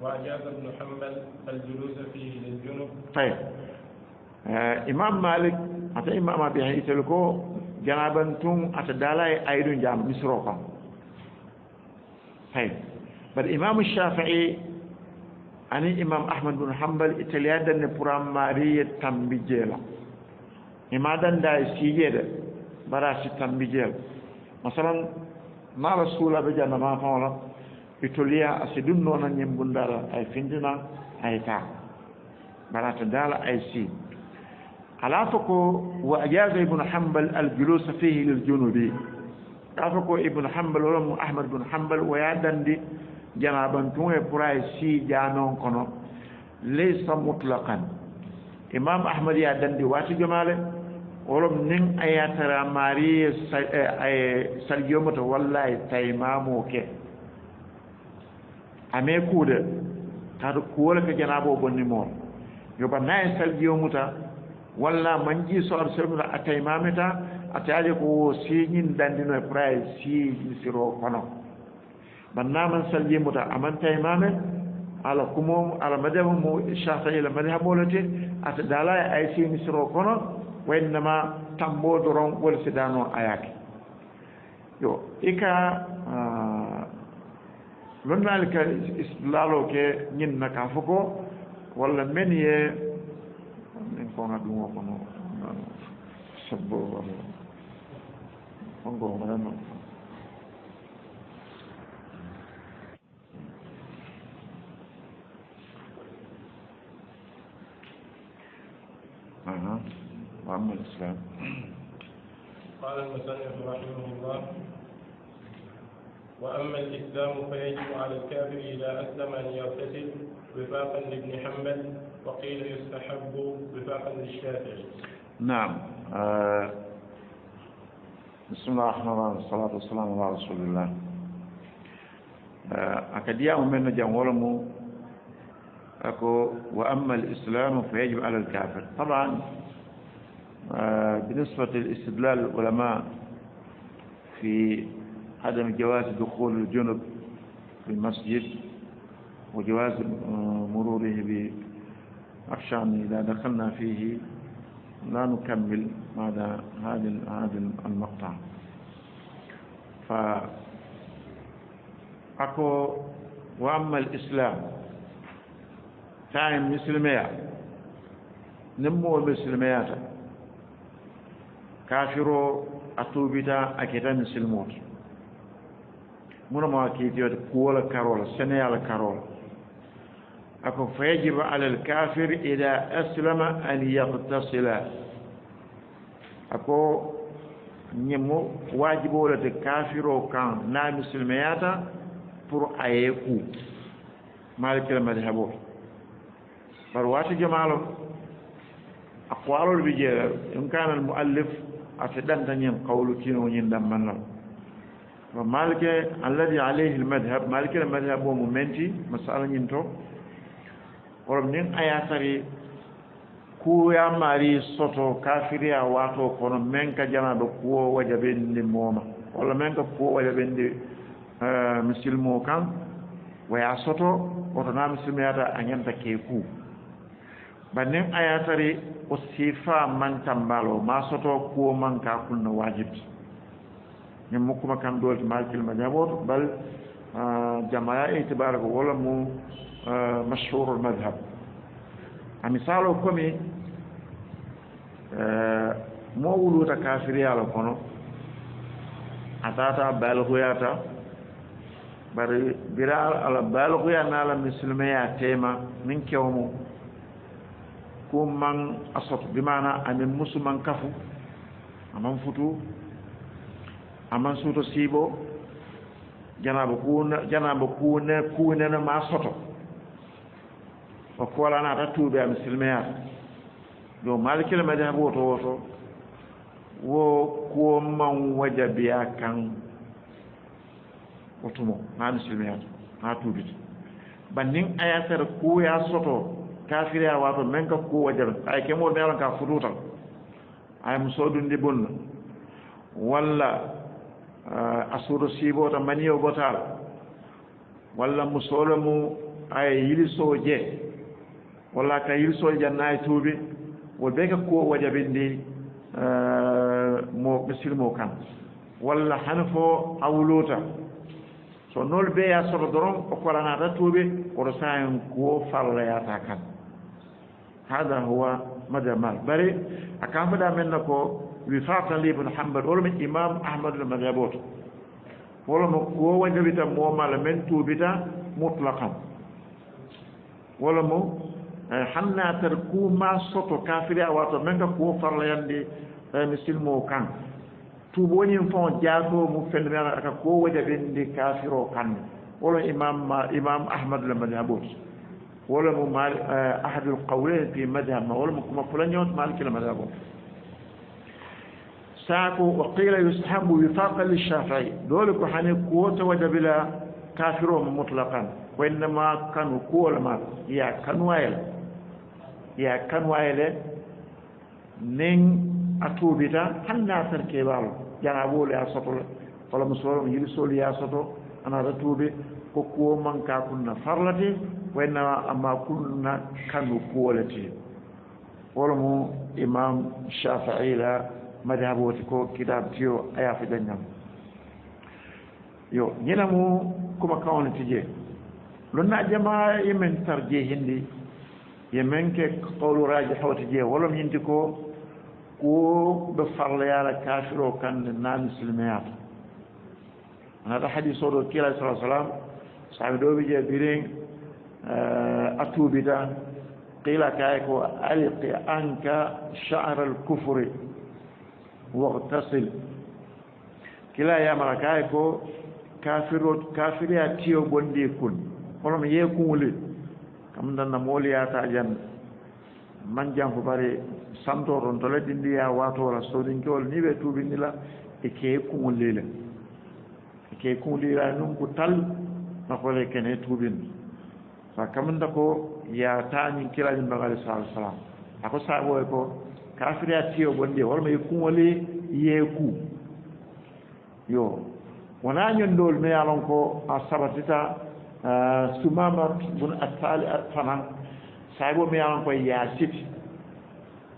وأجاز ابن حنبل الجلوس فيه للجنوب طيب آه إمام مالك حتى إمام أبي حنيفة لكو جنابا توم أتدالاي أيدون جام مسروقا طيب بل إمام الشافعي أني إمام أحمد بن حنبل إتليادا نبرام مارية تنبيجيلا mi madannda e siijeede mbaɗa sittan mbijeel masalan maaɓa suulaɓe janna ma hoolam itoliya asi ɗum noona ñimbundaala ay findina ayetaa mbaɗa to daala ay sii alaa fo ko wa ajaga ibnu hambal aljulusa fihi lil junubi alaa fo ko ibnu hambal walamu ahmad ibnu hambal waya danndi janaaban tun e pora e sii jaanoon kono leysa mutlaqan imam ahmad ya danndi waati jomaale wolom nin ayatara maari ay salyomoto walla e taymamoo ke ame kuuda kaato kuwola ko janaabo o bonni moon yoba na e salyomuta walla manji so ar salmuta a taymameta a tawaade ko siñin danndino e pora e siñi siro kono bannaman salyimuta aman taymame ala kumo ala madihamo mo chafa ila madihamolote ata daala e ay siñi siro kono wainnama tambo doron wol sidano ayaake yo ika lonnaali ah, ka laaloo ke ñinna kaa fo ko walla men ye min kona ɗum o kono sabbo ongo mbaɗanno Uh-huh. وعم الإسلام قال المسلم رحمه الله وأما الإسلام فيجب على الكافر إذا أسلم أن يغتسل وفاقا لابن حنبل وقيل يستحب وفاقا للشافعي نعم آه بسم الله الرحمن الرحيم والصلاة والسلام على رسول الله آه أكديا من ولمو أكو وأما الإسلام فيجب على الكافر طبعا آه، بالنسبة لاستدلال العلماء في عدم جواز دخول الجنب في المسجد وجواز آه، مروره بالشأن إذا دخلنا فيه لا نكمل هذا هذا هذا المقطع ف أكو وأما الإسلام تايم مسلمية نمو مسلمياتك كافر اتوبتا اكيدن سلموت مولا ما كيتيو كول كارول سنيال كارول اكو فيجب على الكافر اذا اسلم ان يغتسل اكو نيمو واجب ولا كافر كان نا مسلمياتا pour ayeku malik al madhhabu بروات جمالهم أقوال بجير إن كان المؤلف ate ɗantañin qawlu kinoñin ɗammannal o malike alladi alayhi lmadhab malike le madhab o mo menti masala ñin to horom nin aya tari kuya maari soto kafiriya waato kono men ka janaɓe kuwo waja ɓenndi mooma walla men ka kuwo waja ɓenndi eh, musilme o kan waya soto oto na musilme yata a ñanta ke kuu bannin a ya tare osifa mantan balo masu ta kuwa manka kunna wajibi ne mu kuma kan dole ta malkil majabot bal jama'a ya ta bari ga wala mu mashurur mazhab a misalo kome mu wulu ta kafir ya lakono a ta ta balgo ya ta bari bira ala balgo ya na ala musulmai ya tema min kyau mu kumman asot bi mana amin musuman kafu aman futu aman suto siibo janaba kuna janaba kuna kunena ma soto o kolanata tuuɓe ami silmeyata yo malikila mbaɗi ha woto woto wo kuoman waja biya kan o tumo ha mi silmeyata ha tuubita bannin aya sere kuya soto kafiri a wato men ka kuwa jaɓe ay kemol meɗon ka fotutal ay mo sodunde bonna walla eh, a suuto siibo ta manio gotal walla mo soola mu ay yilisoo jee walla ka yilisoo janna e tuuɓe wo ɓe ka kuwa wajaɓe ndi eh, mo ɓesilmo kan walla hano fo awluta so nol ɓe ya soto doron o korana ta tuuɓe oto sahen kuwo falloyata kan هذا هو مدى مالك بري أكام بدا منكو وفاقا لي بن حنبل ولم إمام أحمد المذابوت ولم هو وجبت موما من توبتا مطلقا ولم آه، حنا تركو ما سطو كافري أواتو منك كو فرليان دي آه، مسلم tuboñin توبوني jaato mu fenn men aka ko wajaɓinde kafiro kanne wolo إمام أحمد المذابوت ولم مالك آه، أحد القولين في مذهب ما ولم كما فلان يوم مالك لمذهبه ساكو وقيل يسحب وفاقا للشافعي دولك حني قوة وجب لا كافرهم مطلقا وإنما كانوا قوة ما يا كانوا إلى يا كانوا إلى نين أتوبتا هل ناصر كيبالو جنابو لأسطو ولا مصورهم يرسول يأسطو أنا رتوبي ko kuwo manka ɗum no farlate wayna amma kulna kanu kuwolete holmo imam shafiila madihabooti ko kitabe tiyo ayafe ƴanngam yo ñina mo koma kawne tije lonna jama yemen tar je hinndi yemen ke qawluraaji hawti je wolom hinndi ko kuwo ɓe farloyaala kafiro kannde naa musulmé yaata anaɗa hadi soɗo kila sa sallam so ami ɗo wiije birin eh, a tuubita qila kaye ko alqi anka chara l kufre wartasil kila yamara kaye ko kafiro kafiriya tiyo gonndi kun holom yee kuule kam danna mooliyata jan man jan ko bare santo toon to leddi ndiya watora sodinkewol ni ɓe tuubinila e kee kuulila e kee kuulilani noon ko tal nokole kene tuubino so kamnda ko yataanin kiraanin ɗon alayh salatu wasalam hako saaɓoye ko kafiri a tiyo bonde wala ma yekkum wale yeeku yo wona ñondool no yalon ko eh, eh, a sabatita sumama bon attaali fanan saabo mi yalon koye yaasiti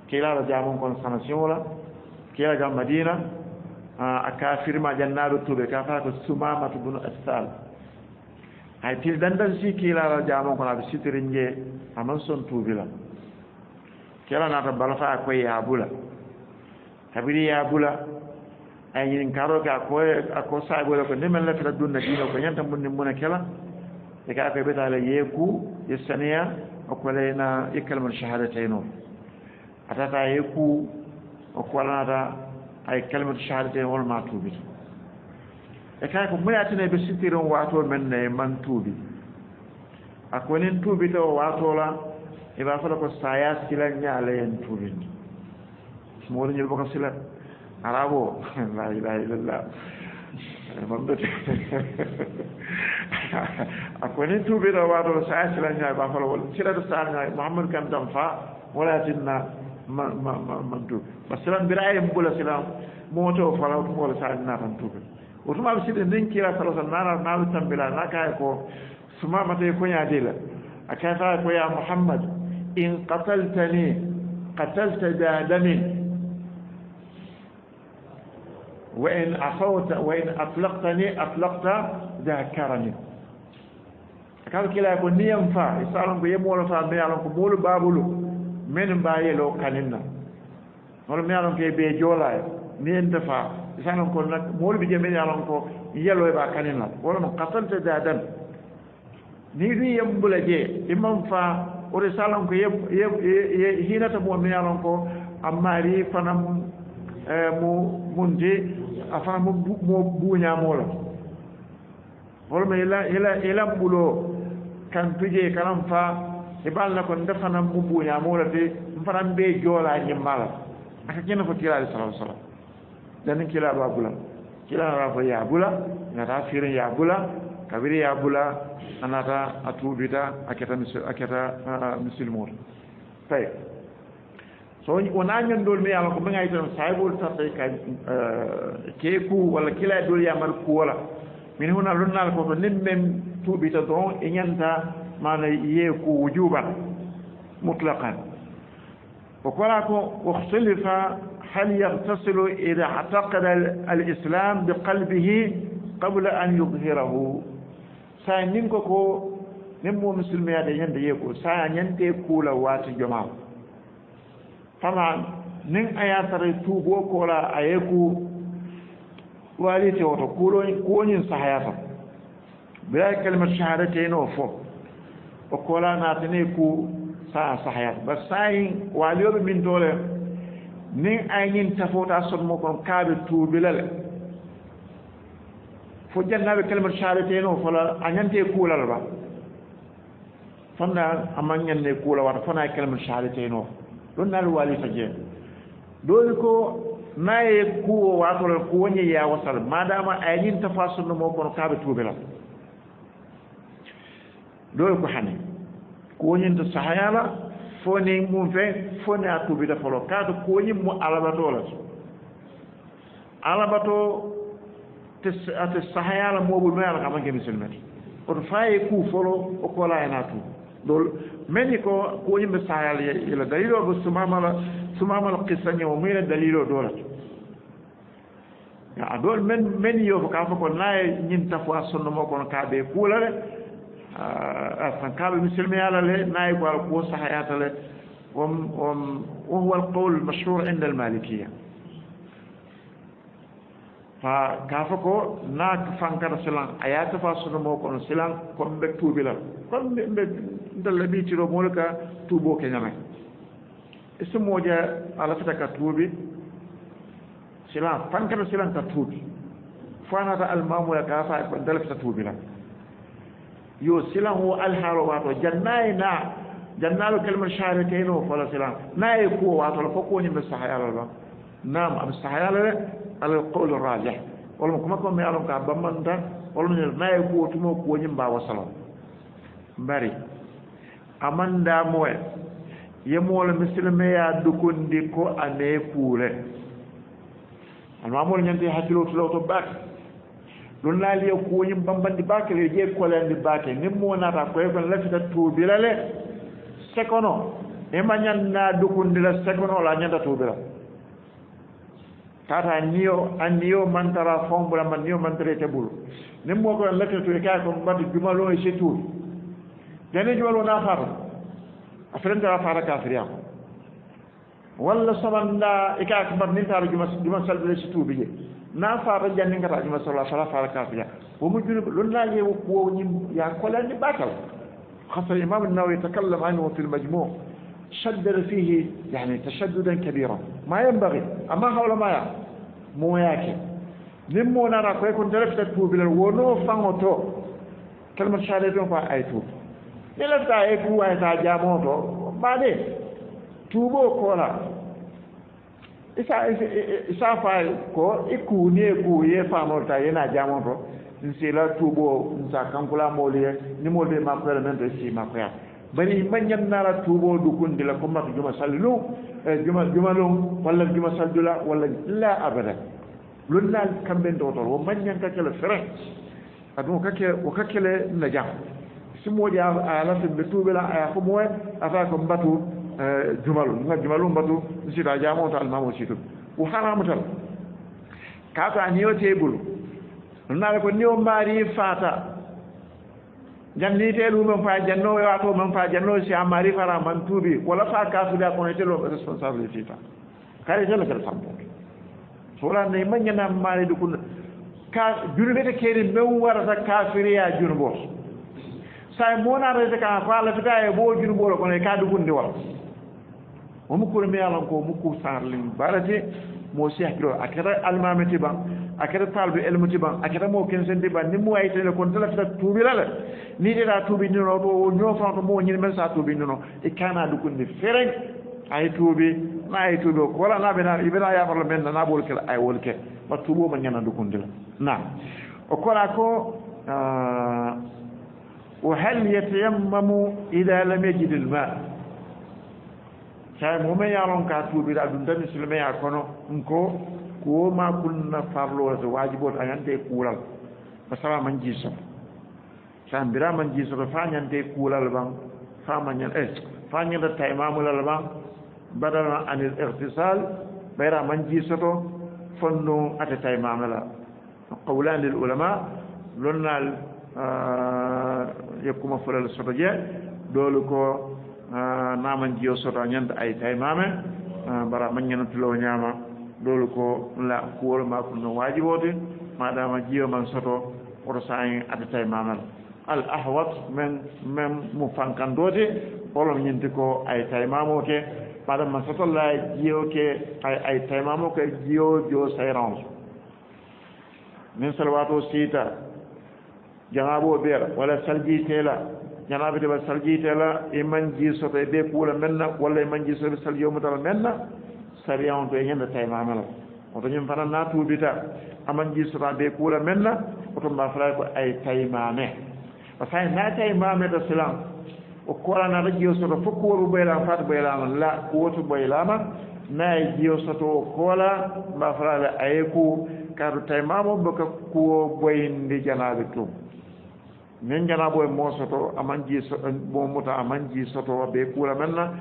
kiilaaɗo jaamon kon sanation la kiila gam madina a kafirima jannaaɗo tuuɓe ka fata ko sumamatu bon attaal hay til dandan si kiilaala jaamon kono aɓe sitori nje aman son tuubila kelanata balata a koye yaabula kabiri yaabula ayñin karoke a koye a ko saagole ko ndemen lettata dunna diino ko ñanta munni mune kela e kaa koye ɓetaale yeeku ye sanéya oko leyna ikkal mon chahadatayn o a tata yeeku oko walanata hay kalimatu chahadatayn wolma tuubita e kay ko muyatineɓe sittiron wato men ne man tuubi ako wonin tuubi tawa watola eɓa fota ko saya silal ñaala hen tuubini mo woni ñiɓe boko silat ala bo la (laughs) ilaha illallah mamdote (laughs) ako wonin tuubi tawa watola saya silal ñaa e ɓa fota wol silata sa ña mouhamadou kane tan fa wolatinna ma ma man tuubi ba silan mbira e mbula silan mowo tawa falawtu ngol sa nna tan tuubin o tumaaɓe siɗe ndenkiira sala sallm nana naawi tambila na kaye ko sumama tawi e koñaadila a kayataa e ko ya mouhammad in kataltani katalta daadamin wa in asawta wa in atlaktani atlakta dakarani kala kila ko niyam faa e so alon ko yemolataa mi alon ko moolu baabolu min mbaayelo kaninna hono mi alon ko e ɓee joolaa niyente faa sanon kon nak moolu bi jemen yalon ko yeloyba kanina wala mo kasante dadan ni du yembula je imam fa ore salon ko hinata mo min yalon ko ammari fanam e, mo munde afana mo mo buñamola wala me ila ila ila bulo kan tuje kanam fa e balna ko ndefana mo buñamola de mfaram be jola nyimala aka kenako tirade sallallahu alaihi wasallam nani kilaaɗo a bula kilaaɗo a fo yaa bula ngata firin yaa bula kabiri yaa bula a nata a tuubita a keta a keta musilmoto tawi so wonaa ñanndol miyama ko mbaŋay tan sahibol tarta e ka e, keeku walla kilaa e dol yamaɗa kuwola min huna lonnaal koto nin men tuuɓita don e ñanta mana yee ku wujuuban mutlaqan ko kora ko wo solir faa hal yagtasilu ida ataqada al islam bi qalbihi qable an yuhirahu sa ninko ko min mo musulmeyade ñande yeeko sa ñante kuula waati joma fama nin aya sara tuuboo koola a yeeku waalite woto kuulo kuwoñin sahayata biray kalima sahadateno fo o koola naatane ku sa sahayata bar sa yin waalioɓe min toole nin ayñin tafoota sotmo kono kaaɓe tuubilale fo jannaaɓe kalimat caaleteno fola a ñante kuulal ba fanna ama ñannde kuula wata fona e kalimat caaleteno ɗon naali waalita jeen ɗoowi ko naye kuwo waatole ko woñe yawasal madama ayñin tafa sotnomo kono kaaɓe tuubilal ɗoowi ko hane ko woñinta sahayala fone mum fen fone a tubita folo kaato kooñi mo alabato la so alabato te ate sahayaala moɓo noy ala kaɓanke misilmete oto faye kuu folo o koola hena tuub ɗo mani ko kooñimɓe sahayaala yila dalil o ɓe sumamala sumamala kissa ñawo mumina dalil o doolato a ɗo men men yo fo kaa fof ko naye ñin tafo a sonnomo kono kaa ɓe kuula de arsan ah, ah, kaaɓe mi silmi alal he nayi ko ala kowo saha yatale on on o huwa l qawl mashrur inde al malikia fa kaafa ko naak fan kata silan a yaata fa sunomo kono silan kon mbe tuubilal kon mbe ndalla ɓiitiro mole ka tuuboo keñamen isimoje alafita ka tuubi silan fan kata silan ka tuubi fanata almamuya kaafa ko ndalafita tuubilan yo silanhu alharo waato jannaye na jannaalo kelmal chariténo fola silan naye kuwo waatola fof kowonimɓe sahayala ɗon nam aɓe sahayala de alal qawle rajeh holmo komakoo mi alon ko a bambanu tan holmo naye kuwo tumo kuwoñim mbawa salon mbari amandamoe yemoolo misilme ya dokondi ko ane kuure almamoolo ñanti hakkilo tulawto bak ɗum laali e kuuñim bambandi baake e ƴeei kolende baake nin muwnata koye kon lafita tuubirale sekono ima ñannnaa dukundira sekono ola ñannda tuubira tata niyo anniyo mantara fombrama niyo mantara e teɓulo nin mo koen lafita tuuɓe kaa kon mbadde jumal o e se tuuɓi dene jumal o naa faata a frentara faata kafiriyaako walla somannda e kaa ko mbat nin taata juma juma salbile se tuuɓi jee naa faaɓa janndinga baa ɗuma sola fala faala kaafiya womo juno lon laaje wowñim ya kolaani ɓaatal hasa imam nawawi takallam anihu fi l majmo saddada fihi yani tachaddudan kabira ma yambari amma hawlamaya mooyaake min moonara koye ko e ndereta tuubilal wono faŋo to kalmat saade ton quoi ay tuubi ne lata e, e ko wayata jamoo to mbaa de tuuboo koola sa sa fois ko ikku e ni e ku ye faanol ta yena jamon to n sila tuubo n sa kankula moolu ye ni moolu ye makkoyala men to si makkoyal bari ma ñannara tuubo dukundi la comme mato juma salli lu eh, juma juma lum walla juma saldula walla la abada lun naal kamɓe ndootol wo mañanka kele frain adum o kake o kakele na jam simooƴi a alatimɓe tuuɓe la aya fo moin ata ko mbatu jumalun nga jumalun batu sita jamoto almamo situɓe o haramu tal kaka niyote bulu naala ko niyo mari fata jan li jannite mo fa janno wa to mo fa janno si amari fara man tuubi wala fa ka su kasude a kono telo responsabilité ta kare telo kede sampoto so wolanne mari du ko ka te junubete keeri men warata kafiriya junubo so sa monatarete kan ko allah fita e ɓo junuboɗo kono e ka dugunde wala mo mukkure meyalan ko mukku sarlin barate mo si hakkiro a keta almame tiban a keta talbe elme tiban a keta mo kensen tiban ni mo waytanile kono tala fita tuubilala ni teta tuubindino to o ñofan to mo ñini men sa tuubindino e kana dukunde fereg ayi tuubi na ayi tuubi o kola na ɓena ɓena yafarla men nana ɓool kela ay wol ke ma tuuboma ñana dukundila na o kola ko ah, wa hal yatayammamu ida lam yajid lma tawi momeya lon ka tuubira ɗum tan mi solimeya kono ɗum ko ko woma kulna farlowata waajibo to a ñande e kuulal ko sawa man jiisoto sa mbira man jiisoto fa ñande e kuulal ban famaña e fa ñanda eh, ta e mamulal ban mbaɗana anil irtisal ɓayra man jiisoto fonno atata e mamula qawlanil ulama lonnal yakkuma fulal soto je dolu ko naman jiyo sota ñande ay taymame mbara mañana tulowo ñama lolu ko la kuwol ma ko no wajibode madama jiyo man soto oto sahe adda taymamal al ahwat men men mo fankandode olom ñinde ko ay taymamo ke madama soto la jiyoke ay ay taymamo ke jiyo jo sayrange min salawato siita jaŋaɓo ɓeer walla salji teela ñanaaɓe tiba saljiitela e manji so tawi ɓe kuula menna walla e manji so tawi saljiomutala menna saria on to e ñande taymamela oto ñum fana naa tuubita amanji so taa ɓe kuula menna oto mbaa falaa ko ay taymaame par ce que hay naa taymaame ta silan o koolanaata jiyo soto fof ko wotu ɓoylaama faata ɓoylaama la kowotu ɓoylaama naa e jiyo soto o koola mbaa falaa le ayeku kaato taymaama o boka kuwo boyindi janaaɓe tum min janaabo e moosoto aman ji e e momuta aman ji e sotowa ɓe kuura men na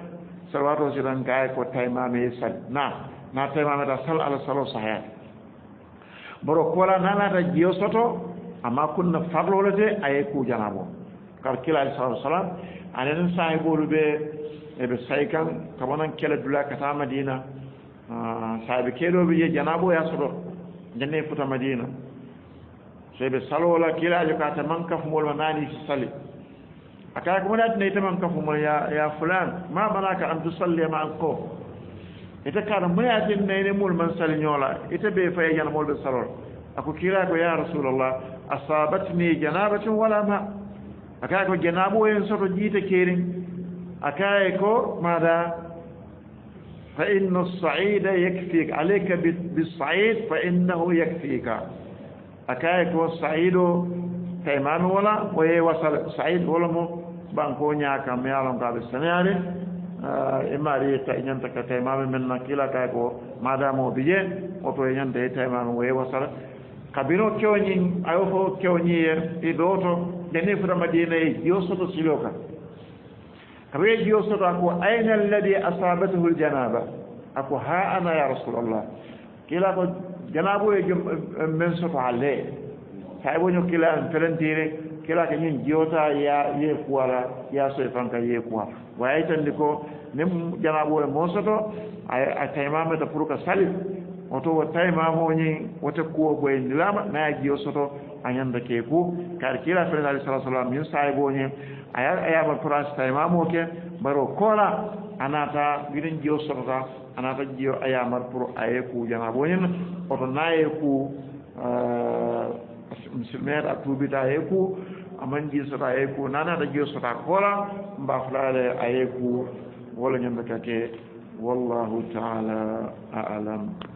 salawat osi tan gaye ko taymame e sali na na taymame ta sal alah salo sahayade mboto kuwala nanata jeyo soto amma kunna farlolete aye ku janaabo kar kila alah salatu salam anenen sahiboolu ɓe eɓe sayi kan tawonan kele dula kata madina ah, saaɓe keeɗoɓe yi janaabo ya soto jannde futa madina sebe salola kilajo kata man kafumol ma nani si sali akaya ko mona tinay taman kafumol ya ya fulan ma balaka an tusalli ma ko ita kana mona tinay ne mul man sali nyola ita be fay yana mol be salol ako kila ko ya rasulullah asabatni janabatun wala ma akaya ko janabo en soto jita kerin akaya ko mada فإن الصعيد يكفيك عليك بالصعيد فإنه يكفيك a kayit wo sa'id o taymami wona o yeewa sa'id wola mo banko ñaakam mi yalonkaɓe saniyaade e eh, maari ta ñanta ka taymami men na kila kay ko madame o bijee oto e ñanta e taymami o yeewa sara kabino kewñi ayo fo kewñiye e dooto ndeni fota madina e jiyo soto silo ka kabiye jiyo soto ako ayna alladi asabatahu ljanaba ako ha ana ya rasulallah kila ko janaabo e jom e, e, men soto hallee hay woño kila en plentire kila ka ñin jewta ya yee kuwala ya soye fanka yee kuwa wayay tandi ko nin janaabo e moon soto a taymameta pour que salit oto wo tawi mama o ñin wota kuwo goye ndilama naya jiyo soto a ñanda ke ku kaari kiila fenaali sala sallam min saye goo ñin aya ayama prance tawi mama o ke mbaro koola anata winen jiyo sotota anata jiyo ayamar pour aye ku jana boñin oto naye ku eh, msimeeɗa tuubita ye ku aman jin sota ye ku nanaɗa jiyo sota koola mbafulaale aye ku wala ñandakake wallahu taala a alam